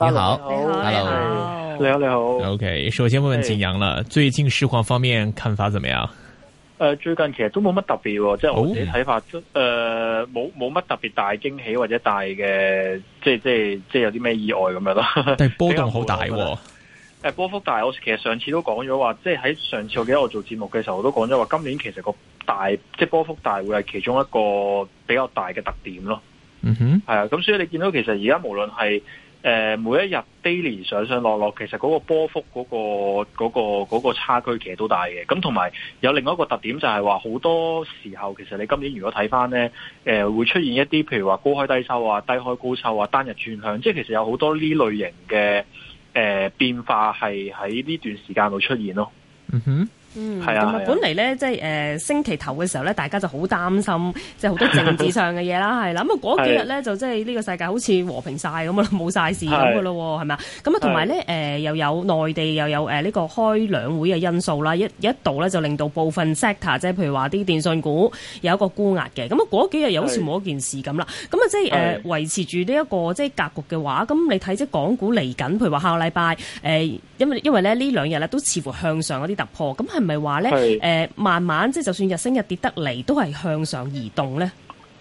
你好，你好，hello，你好，你好。OK，首先問問景陽啦，是最近市況方面看法怎麼樣？誒、呃，最近其實都冇乜特別、哦，哦、即係我自己睇法，誒冇冇乜特別大驚喜或者大嘅，即係即係即係有啲咩意外咁樣咯。但係波動好大、哦，誒波幅大。我其實上次都講咗話，即係喺上次我記得我做節目嘅時候，我都講咗話，今年其實個大即係波幅大會係其中一個比較大嘅特點咯。嗯哼，係啊，咁所以你見到其實而家無論係。誒、呃、每一日 daily 上上落落，其實嗰個波幅嗰、那個嗰嗰、那個那個那個、差距其實都大嘅。咁同埋有另外一個特點就係話，好多時候其實你今年如果睇翻呢，誒、呃、會出現一啲譬如話高開低收啊、低開高收啊、單日轉向，即係其實有好多呢類型嘅誒、呃、變化係喺呢段時間度出現咯。嗯哼。嗯，係啊，本嚟咧即係誒星期頭嘅時候咧，大家就好擔心，即係好多政治上嘅嘢啦，係啦。 咁啊嗰幾日咧的就即係呢個世界好似和平晒咁啊，冇晒事咁噶咯，係咪啊？咁啊同埋咧誒又有內地又有誒呢、呃這個開兩會嘅因素啦，一一度咧就令到部分 sector 即係譬如話啲電訊股有一個估壓嘅。咁啊嗰幾日又好似冇一件事咁啦。咁啊的即係誒、呃、的維持住呢一個即係格局嘅話，咁你睇即港股嚟緊，譬如話下個禮拜誒，因為因為咧呢兩日咧都似乎向上一啲突破，咁係。咪話咧，誒、呃，慢慢即係就算日升日跌得嚟，都係向上移動咧。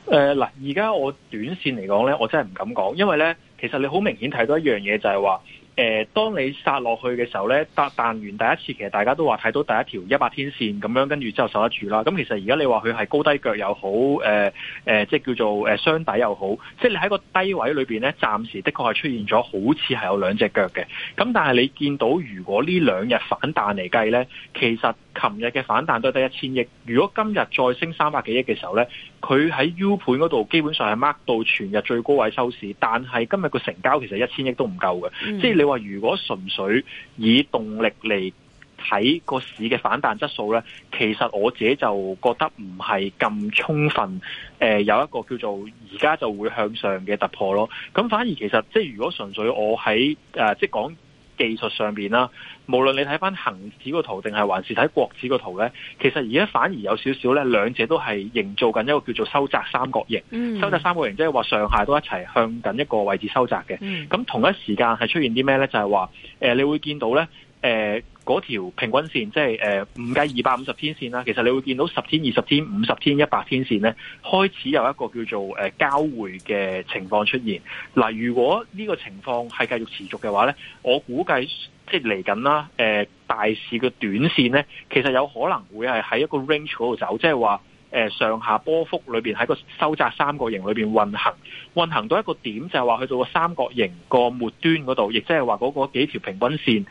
誒、呃，嗱，而家我短線嚟講咧，我真係唔敢講，因為咧，其實你好明顯睇到一樣嘢就係話。誒、呃，當你殺落去嘅時候咧，彈完第一次，其實大家都話睇到第一條一百天線咁樣，跟住之後受得住啦。咁其實而家你話佢係高低腳又好，誒、呃呃、即係叫做雙底又好，即係你喺個低位裏面咧，暫時的確係出現咗，好似係有兩隻腳嘅。咁但係你見到如果呢兩日反彈嚟計咧，其實。琴日嘅反彈都係得一千億，如果今日再升三百幾億嘅時候呢，佢喺 U 盤嗰度基本上係 mark 到全日最高位收市，但係今日個成交其實一千億都唔夠嘅，即係你話如果純粹以動力嚟睇個市嘅反彈質素呢，其實我自己就覺得唔係咁充分，誒、呃、有一個叫做而家就會向上嘅突破咯。咁反而其實即係、即係、如果純粹我喺誒即係講。呃即係技術上邊啦，無論你睇翻恆指個圖，定係還是睇國指個圖咧，其實而家反而有少少咧，兩者都係營造緊一個叫做收窄三角形。嗯、收窄三角形即係話上下都一齊向緊一個位置收窄嘅。咁、嗯、同一時間係出現啲咩咧？就係、是、話，誒、呃，你會見到咧，誒、呃。嗰條平均線，即係誒唔計二百五十天線啦，其實你會見到十天、二十天、五十天、一百天線咧，開始有一個叫做誒交匯嘅情況出現。嗱，如果呢個情況係繼續持續嘅話咧，我估計即係嚟緊啦。誒，大市嘅短線咧，其實有可能會係喺一個 range 嗰度走，即係話。誒，上下波幅裏邊喺個收窄三角形裏邊運行，運行到一個點，就係話去到個三角形個末端嗰度，亦即係話嗰個幾條平均線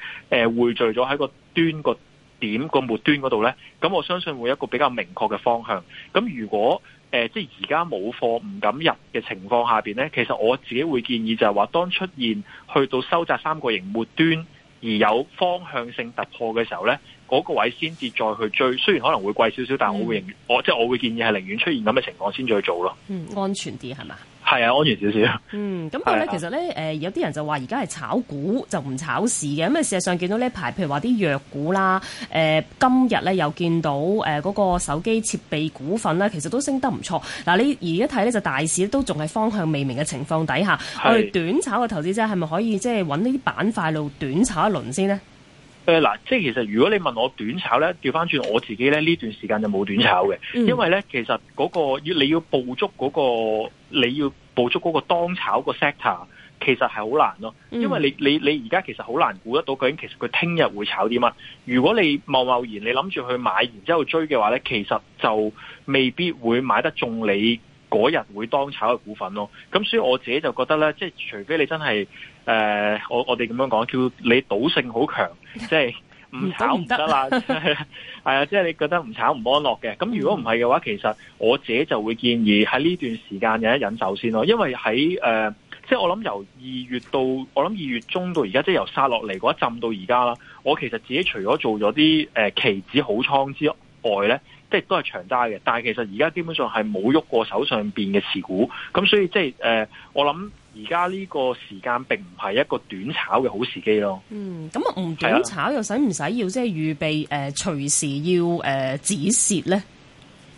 誒匯聚咗喺個端個點個末端嗰度呢，咁我相信會一個比較明確嘅方向。咁如果誒、呃、即係而家冇貨唔敢入嘅情況下邊呢？其實我自己會建議就係話，當出現去到收窄三角形末端，而有方向性突破嘅時候呢，嗰、那個位先至再去追。雖然可能會貴少少，但係我會寧，嗯、我即係、就是、我會建議係寧願出現咁嘅情況先再做咯。嗯，安全啲係嘛？是係啊，安全少少。嗯，咁但係咧，啊、其實咧，誒、呃，有啲人就話而家係炒股就唔炒市嘅，咁啊，事實上見到呢一排，譬如話啲藥股啦，誒、呃，今日咧又見到誒嗰、呃那個手機設備股份咧，其實都升得唔錯。嗱、呃，你而家睇咧就大市都仲係方向未明嘅情況底下，是我哋短炒嘅投資者係咪可以即係揾呢啲板塊路短炒一輪先呢？誒、呃，嗱，即係其實如果你問我短炒咧，調翻轉我自己咧呢段時間就冇短炒嘅，嗯、因為咧其實嗰、那個要你要捕捉嗰、那個。你要捕捉嗰個當炒個 sector，其實係好難咯，因為你你你而家其實好難估得到究竟其實佢聽日會炒啲乜。如果你貿貿然你諗住去買然之後追嘅話咧，其實就未必會買得中你嗰日會當炒嘅股份咯。咁所以我自己就覺得咧，即係除非你真係誒、呃，我我哋咁樣講，叫你賭性好強，即係。 唔炒唔得啦，係啊，即係、 就是、你覺得唔炒唔安樂嘅。咁如果唔係嘅話，其實我自己就會建議喺呢段時間忍一忍手先咯。因為喺誒，即、呃、係、就是、我諗由二月到，我諗二月中到而家，即、就、係、是、由殺落嚟嗰一浸到而家啦。我其實自己除咗做咗啲誒期指好倉之外咧，即係都係長揸嘅。但係其實而家基本上係冇喐過手上邊嘅持股。咁所以即係誒，我諗。而家呢個時間並唔係一個短炒嘅好時機咯。嗯，咁啊唔短炒又使唔使要即係預備誒、啊、隨時要誒止蝕咧？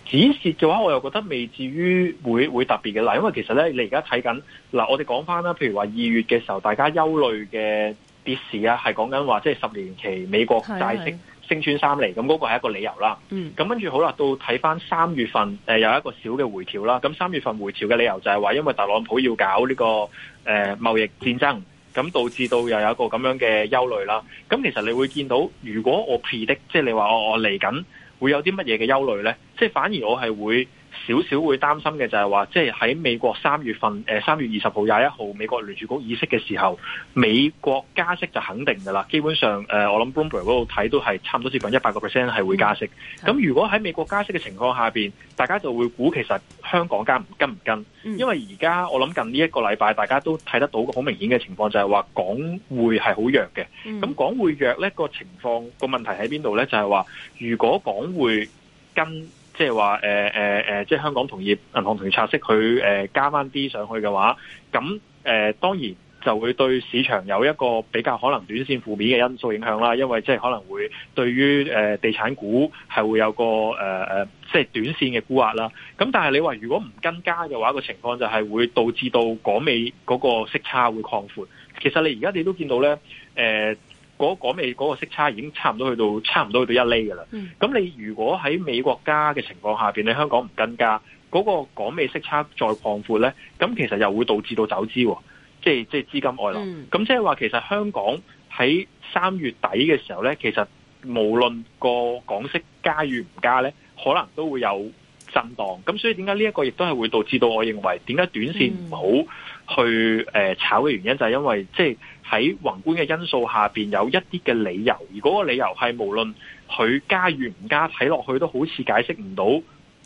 止蝕嘅話，我又覺得未至於會會特別嘅嗱，因為其實咧，你而家睇緊嗱，我哋講翻啦，譬如話二月嘅時候，大家憂慮嘅跌市啊，係講緊話即係十年期美國債息。係啊，係升穿三厘，咁嗰個係一個理由啦。咁、嗯、跟住好啦，到睇翻三月份，誒、呃、有一個小嘅回調啦。咁三月份回調嘅理由就係話，因為特朗普要搞呢、這個誒、呃、貿易戰爭，咁導致到又有一個咁樣嘅憂慮啦。咁其實你會見到，如果我 predict，即係你話我嚟緊，會有啲乜嘢嘅憂慮呢？即、就、係、是、反而我係會。少少會擔心嘅就係話，即係喺美國三月份，誒三月二十號廿一號美國聯儲局議息嘅時候，美國加息就肯定噶啦。基本上，誒我諗 Bloomberg 嗰度睇都係差唔多接近一百個 percent 係會加息、嗯。咁如果喺美國加息嘅情況下邊，大家就會估其實香港加唔跟唔跟？因為而家我諗近呢一個禮拜，大家都睇得到個好明顯嘅情況，就係話港匯係好弱嘅。咁港匯弱呢個情況個問題喺邊度呢？就係話如果港匯跟即係話誒誒即係香港同業銀行同業拆息佢誒、呃、加翻啲上去嘅話，咁誒、呃、當然就會對市場有一個比較可能短線負面嘅因素影響啦。因為即係可能會對於、呃、地產股係會有個誒、呃、即係短線嘅沽壓啦。咁但係你話如果唔跟加嘅話，個情況就係會導致到港美嗰個息差會擴闊。其實你而家你都見到咧，誒、呃。嗰港美嗰個息差已經差唔多去到差唔多去到一厘㗎啦。咁、嗯、你如果喺美國加嘅情況下邊，你香港唔跟加，嗰、那個港美息差再擴闊咧，咁其實又會導致到走資、哦，即係即係資金外流。咁即係話其實香港喺三月底嘅時候咧，其實無論個港息加與唔加咧，可能都會有震蕩。咁所以點解呢一個亦都係會導致到，我認為點解短線唔好去、嗯呃、炒嘅原因，就因，就係因為即係。喺宏觀嘅因素下邊，有一啲嘅理由，如果個理由係無論佢加與唔加，睇落去都好似解釋唔到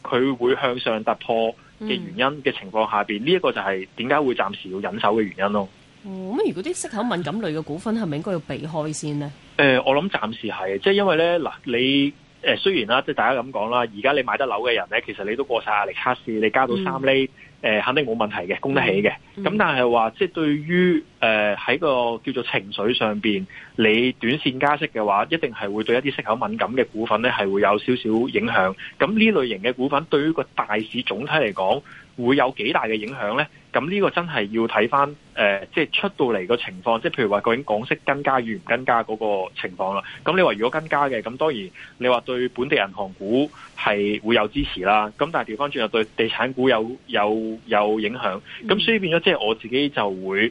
佢會向上突破嘅原因嘅情況下邊，呢一、嗯、個就係點解會暫時要忍手嘅原因咯。咁、嗯、如果啲息口敏感類嘅股份係咪應該要避開先呢？誒、呃，我諗暫時係，即係因為呢，嗱，你誒雖然啦，即係大家咁講啦，而家你買得樓嘅人呢，其實你都過晒壓力測試，你加到三厘。嗯誒肯定冇問題嘅，供得起嘅。咁、嗯嗯、但係話，即、就、係、是、對於誒喺、呃、個叫做情緒上邊，你短線加息嘅話，一定係會對一啲息口敏感嘅股份咧，係會有少少影響。咁呢類型嘅股份對於個大市總體嚟講，會有幾大嘅影響呢？咁呢個真係要睇翻誒，即係出到嚟個情況，即係譬如話究竟港息跟加與唔跟加嗰個情況啦。咁你話如果跟加嘅，咁當然你話對本地銀行股係會有支持啦。咁但係調翻轉又對地產股有有有影響。咁所以變咗即係我自己就會誒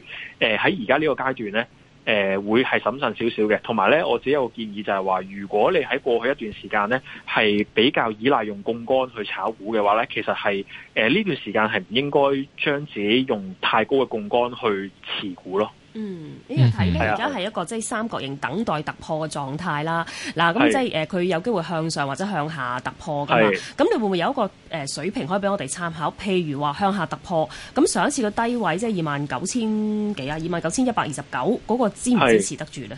喺而家呢個階段呢。誒、呃、會係審慎少少嘅，同埋咧，我自己有個建議就係話，如果你喺過去一段時間咧係比較依賴用槓桿去炒股嘅話咧，其實係誒呢段時間係唔應該將自己用太高嘅槓桿去持股咯。嗯，呢、這個睇嘅而家係一個即係三角形等待突破嘅狀態啦。嗱，咁即係誒，佢有機會向上或者向下突破噶嘛？咁是你會唔會有一個誒水平可以俾我哋參考？譬如話向下突破，咁上一次嘅低位即係二萬九千幾啊，二萬九千一百二十九嗰個支唔支持得住咧？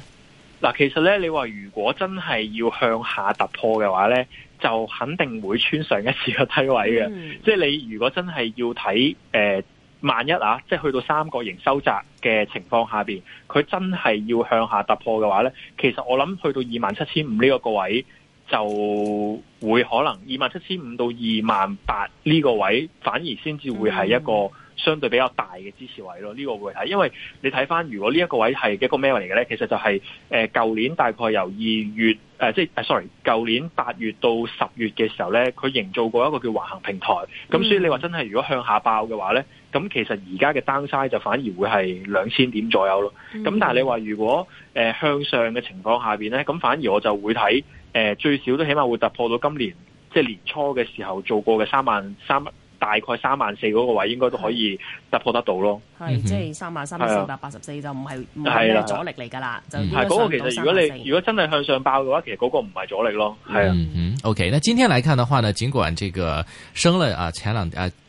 嗱，其實咧，你話如果真係要向下突破嘅話咧，就肯定會穿上一次嘅低位嘅。嗯、即係你如果真係要睇誒。呃萬一啊，即係去到三個營收窄嘅情況下邊，佢真係要向下突破嘅話呢？其實我諗去到二萬七千五呢個位就會可能二萬七千五到二萬八呢個位，反而先至會係一個相對比較大嘅支持位咯。呢、這個會睇，因為你睇翻如果呢一個位係一個咩嚟嘅呢？其實就係誒舊年大概由二月誒、呃、即係 sorry 舊年八月到十月嘅時候呢，佢營造過一個叫橫行平台，咁所以你話真係如果向下爆嘅話呢？咁其實而家嘅 d s i z e 就反而會係兩千點左右咯。咁但係你話如果向上嘅情況下面咧，咁反而我就會睇最少都起碼會突破到今年即係、就是、年初嘅時候做過嘅三萬三，大概三萬四嗰個位應該都可以突破得到咯。係，即係三萬三百四百八十四就唔係唔係嘅阻力嚟㗎啦。係、啊，嗰個，個其實如果你如果真係向上爆嘅話，其實嗰個唔係阻力咯、啊嗯。嗯哼，OK。那今天嚟看的話呢，儘管這個升了啊、呃，前兩啊。呃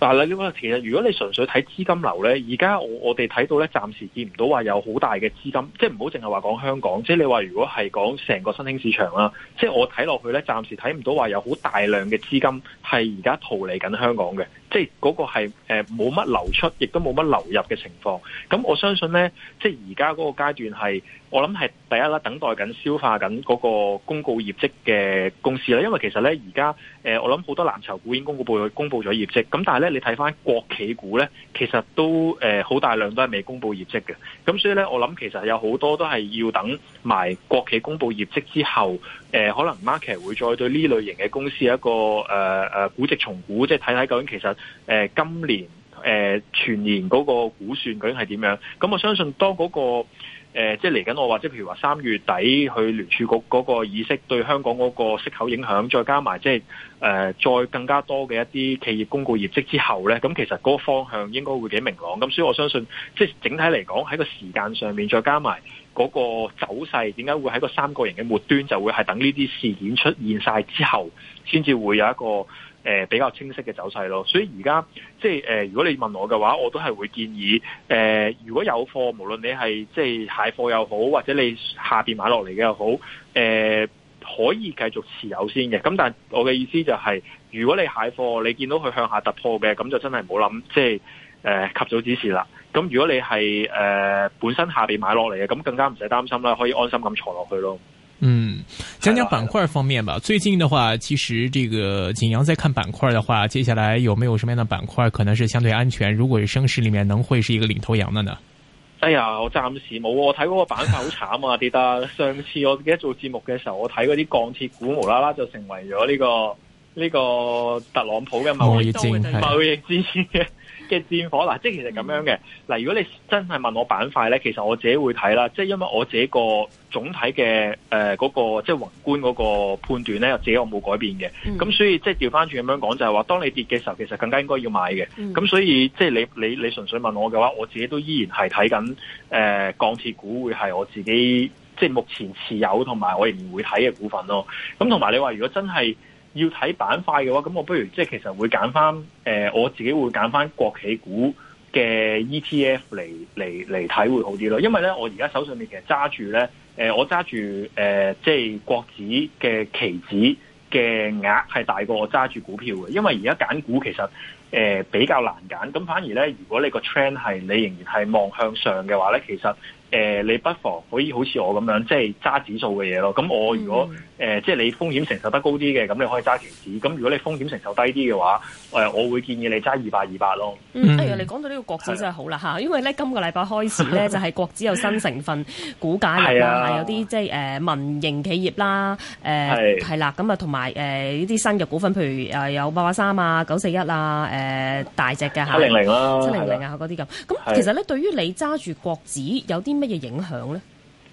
但係你呢個其實，如果你純粹睇資金流咧，而家我我哋睇到咧，暫時見唔到話有好大嘅資金，即係唔好淨係話講香港，即係你話如果係講成個新興市場啦，即係我睇落去咧，暫時睇唔到話有好大量嘅資金係而家逃離緊香港嘅。即係嗰個係誒冇乜流出，亦都冇乜流入嘅情況。咁我相信呢，即係而家嗰個階段係，我諗係第一啦，等待緊消化緊嗰個公告業績嘅公司啦。因為其實呢，而家誒我諗好多藍籌股已經公告公佈咗業績。咁但係呢，你睇翻國企股呢，其實都誒好大量都係未公佈業績嘅。咁所以呢，我諗其實有好多都係要等埋國企公佈業績之後。誒、呃，可能 market 會再對呢類型嘅公司一個誒誒、呃呃、估值重估，即係睇睇究竟其實誒、呃、今年。誒、呃，全年嗰個估算究竟係點樣？咁我相信當嗰、那個誒、呃，即係嚟緊，我或者譬如話三月底去聯儲局嗰個議息對香港嗰個息口影響，再加埋即係誒，再更加多嘅一啲企業公告業績之後咧，咁其實嗰個方向應該會幾明朗。咁所以我相信，即係整體嚟講喺個時間上面，再加埋嗰個走勢，點解會喺個三角形嘅末端就會係等呢啲事件出現晒之後，先至會有一個。誒、呃、比較清晰嘅走勢咯，所以而家即係誒、呃，如果你問我嘅話，我都係會建議誒、呃，如果有貨，無論你係即係蟹貨又好，或者你下邊買落嚟嘅又好，誒、呃、可以繼續持有先嘅。咁但係我嘅意思就係、是，如果你蟹貨，你見到佢向下突破嘅，咁就真係唔好諗，即係誒、呃、及早止蝕啦。咁如果你係誒、呃、本身下邊買落嚟嘅，咁更加唔使擔心啦，可以安心咁坐落去咯。嗯，講講板塊方面吧。啊啊、最近的話，其實這個景陽在看板塊的話，接下來有沒有什麼樣的板塊可能是相對安全？如果是升市裏面，能會是一個領頭羊的呢？哎呀，我暫時冇。我睇嗰個板塊好慘啊，跌得。上次我記得做節目嘅時候，我睇嗰啲鋼鐵股無啦啦就成為咗呢個呢個特朗普嘅貿易戰貿易戰嘅。嘅戰火嗱，即係其實咁樣嘅嗱。如果你真係問我板塊咧，其實我自己會睇啦。即係因為我自己個總體嘅誒嗰個即係、就是、宏觀嗰個判斷咧，我自己我冇改變嘅。咁、嗯、所以即係調翻轉咁樣講，就係、是、話當你跌嘅時候，其實更加應該要買嘅。咁、嗯、所以即係、就是、你你你純粹問我嘅話，我自己都依然係睇緊誒鋼鐵股會係我自己即係、就是、目前持有同埋我亦唔會睇嘅股份咯。咁同埋你話如果真係，要睇板塊嘅話，咁我不如即係其實會揀返誒我自己會揀返國企股嘅 ETF 嚟嚟嚟睇會好啲咯。因為咧，我而家手上面其實揸住咧誒，我揸住誒即係國指嘅期指嘅額係大過我揸住股票嘅。因為而家揀股其實誒、呃、比較難揀，咁反而咧如果你個 trend 係你仍然係望向上嘅話咧，其實誒、呃、你不妨可以好似我咁樣即係揸指數嘅嘢咯。咁我如果、嗯誒、呃，即係你風險承受得高啲嘅，咁你可以揸期指。咁如果你風險承受低啲嘅話，誒、呃，我會建議你揸二百二百咯。嗯，誒、嗯哎，你講到呢個國指真係好啦吓，的因為咧今個禮拜開始咧， 就係國指有新成分股加入啦，的有啲即係誒民營企業啦，誒係啦，咁啊同埋誒呢啲新嘅股份，譬如誒有八八三啊、九四一啊，誒、呃、大隻嘅吓七零零啦、七零零啊嗰啲咁。咁、啊、的其實咧，的對於你揸住國指有啲乜嘢影響咧？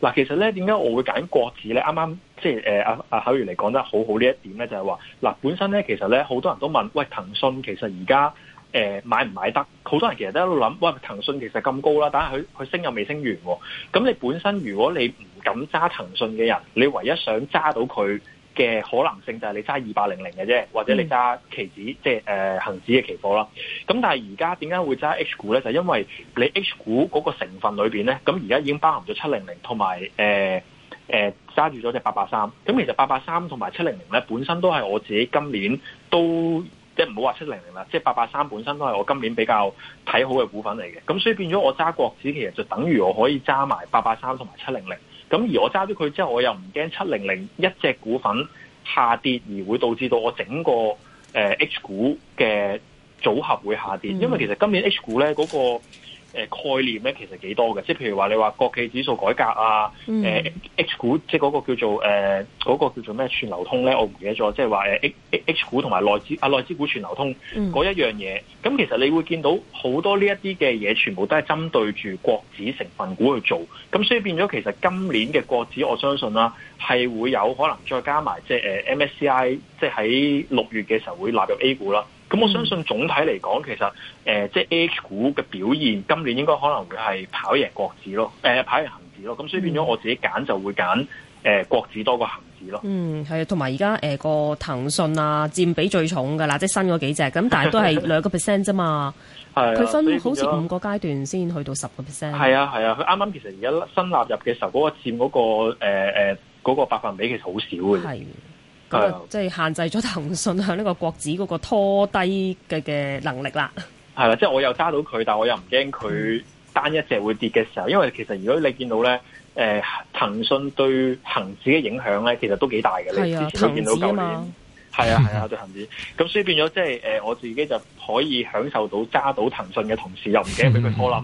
嗱，其實咧，點解我會揀國指咧？啱啱？即係誒阿阿巧如嚟講得好好呢一點咧，就係話嗱本身咧，其實咧好多人都問，喂，騰訊其實而家誒買唔買得？好多人其實都喺度諗，喂，騰訊其實咁高啦，但係佢佢升又未升完喎、哦。咁你本身如果你唔敢揸騰訊嘅人，你唯一想揸到佢嘅可能性就係你揸二八零零嘅啫，或者你揸期、嗯呃、指即係誒恆指嘅期貨啦。咁但係而家點解會揸 H 股咧？就係、因為你 H 股嗰個成分裏邊咧，咁而家已經包含咗七零零同埋誒。呃呃、揸住咗隻八八三，咁其實八八三同埋七零零咧，本身都係我自己今年都即係唔好話七零零啦，即係八八三本身都係我今年比較睇好嘅股份嚟嘅，咁所以變咗我揸國指，其實就等於我可以揸埋八八三同埋七零零，咁而我揸咗佢之後，我又唔驚七零零一隻股份下跌而會導致到我整個誒、呃、H 股嘅組合會下跌，嗯、因為其實今年 H 股呢嗰、嗰個。誒概念咧，其實幾多嘅，即係譬如話你話國企指數改革啊，誒、嗯、H 股即嗰個叫做誒嗰、呃那個、叫做咩全流通咧，我唔記得咗，即係話 H H 股同埋內資啊內資股全流通嗰、嗯、一樣嘢，咁其實你會見到好多呢一啲嘅嘢，全部都係針對住國指成分股去做，咁所以變咗其實今年嘅國指我相信啦、啊，係會有可能再加埋即係 MSCI 即係喺六月嘅時候會納入 A 股啦。咁、嗯、我相信總體嚟講，其實誒、呃、即係 A 股嘅表現，今年應該可能會係跑贏國指咯，誒、呃、跑贏恒指咯。咁所以變咗我自己揀就會揀誒、呃、國指多過恒指咯。嗯，係啊，同埋而家誒個騰訊啊，佔比最重嘅啦，即係新嗰幾隻，咁但係都係兩個 percent 啫嘛。係啊，佢分好似五個階段先去到十個 percent。係啊，係啊，佢啱啱其實而家新納入嘅時候，嗰、嗰個佔嗰、嗰個誒、呃嗰個、百分比其實好少嘅。係。即係限制咗騰訊向呢個國指嗰個拖低嘅嘅能力啦。係啦，即係我又揸到佢，但係我又唔驚佢單一隻會跌嘅時候，因為其實如果你見到咧，誒騰訊對恒指嘅影響咧，其實都幾大嘅。Yeah, 你之前都見到舊年係子啊係啊對恒指，咁 所以變咗即係誒，我自己就可以享受到揸到騰訊嘅同時，又唔驚俾佢拖冧。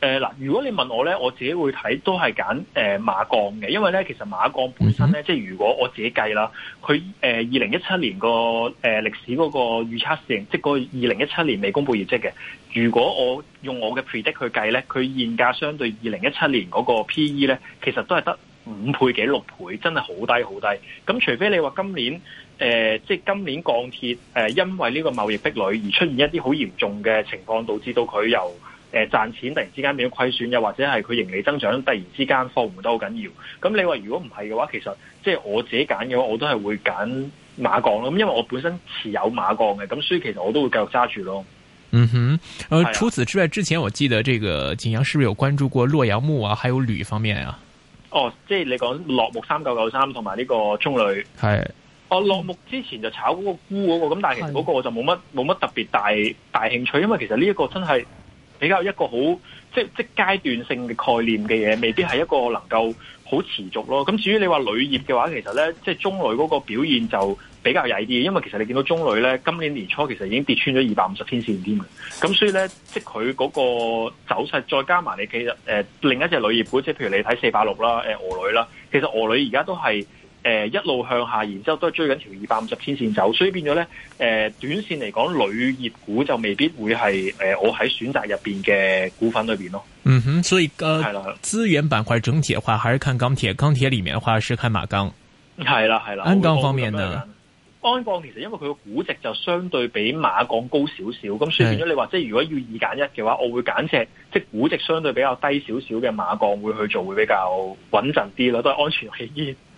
嗱、呃，如果你問我咧，我自己會睇都係揀馬鋼嘅，因為咧其實馬鋼本身咧，嗯、哼即係如果我自己計啦，佢誒二零一七年個、呃、歷史嗰個預測線，即係個二零一七年未公佈業績嘅，如果我用我嘅 predict 去計咧，佢現價相對二零一七年嗰個 P E 咧，其實都係得五倍幾六倍，真係好低好低。咁除非你話今年、呃、即係今年鋼鐵、呃、因為呢個貿易壁壘而出現一啲好嚴重嘅情況，導致到佢由，誒，賺錢突然之間變咗虧損，又或者係佢盈利增長突然之間放緩都好緊要。咁你話如果唔係嘅話，其實即係我自己揀嘅話，我都係會揀馬鋼咯。咁因為我本身持有馬鋼嘅，咁所以其實我都會繼續揸住咯。嗯哼，誒、呃，啊、除此之外，之前我記得這個景陽是不是有關注過洛陽鉬啊，還有鋁方面啊？哦，即係你講洛鉬三九九三同埋呢個中鋁係。是哦，洛鉬之前就炒嗰個鈷嗰、那個，咁但係其實嗰個我就冇乜冇乜特別大大興趣，因為其實呢一個真係。比較一個好即係即係階段性嘅概念嘅嘢，未必係一個能夠好持續咯。咁至於你話鋁業嘅話，其實咧即係中鋁嗰個表現就比較曳啲，因為其實你見到中鋁咧今年年初其實已經跌穿咗二百五十天線添，咁所以咧即係佢嗰個走勢，再加埋你其實誒另一隻鋁業股，即係譬如你睇四百六啦、誒俄鋁啦，其實俄鋁而家都係。呃、一路向下，然之後都係追緊條二百五十天線走，所以變咗咧、呃、短線嚟講，鋁業股就未必會係、呃、我喺選擇入面嘅股份裏面咯。嗯哼，所以個係啦，資源板塊整體嘅話，還、呃、是看鋼鐵。鋼鐵裏面嘅話，是看馬鋼。係啦，係啦，鞍鋼方面呢，鞍鋼其實因為佢個估值就相對比馬鋼高少少，咁的所以變咗你話，即係如果要二揀一嘅話，我會揀隻即估值相對比較低少少嘅馬鋼會去做，會比較穩陣啲咯，都係安全起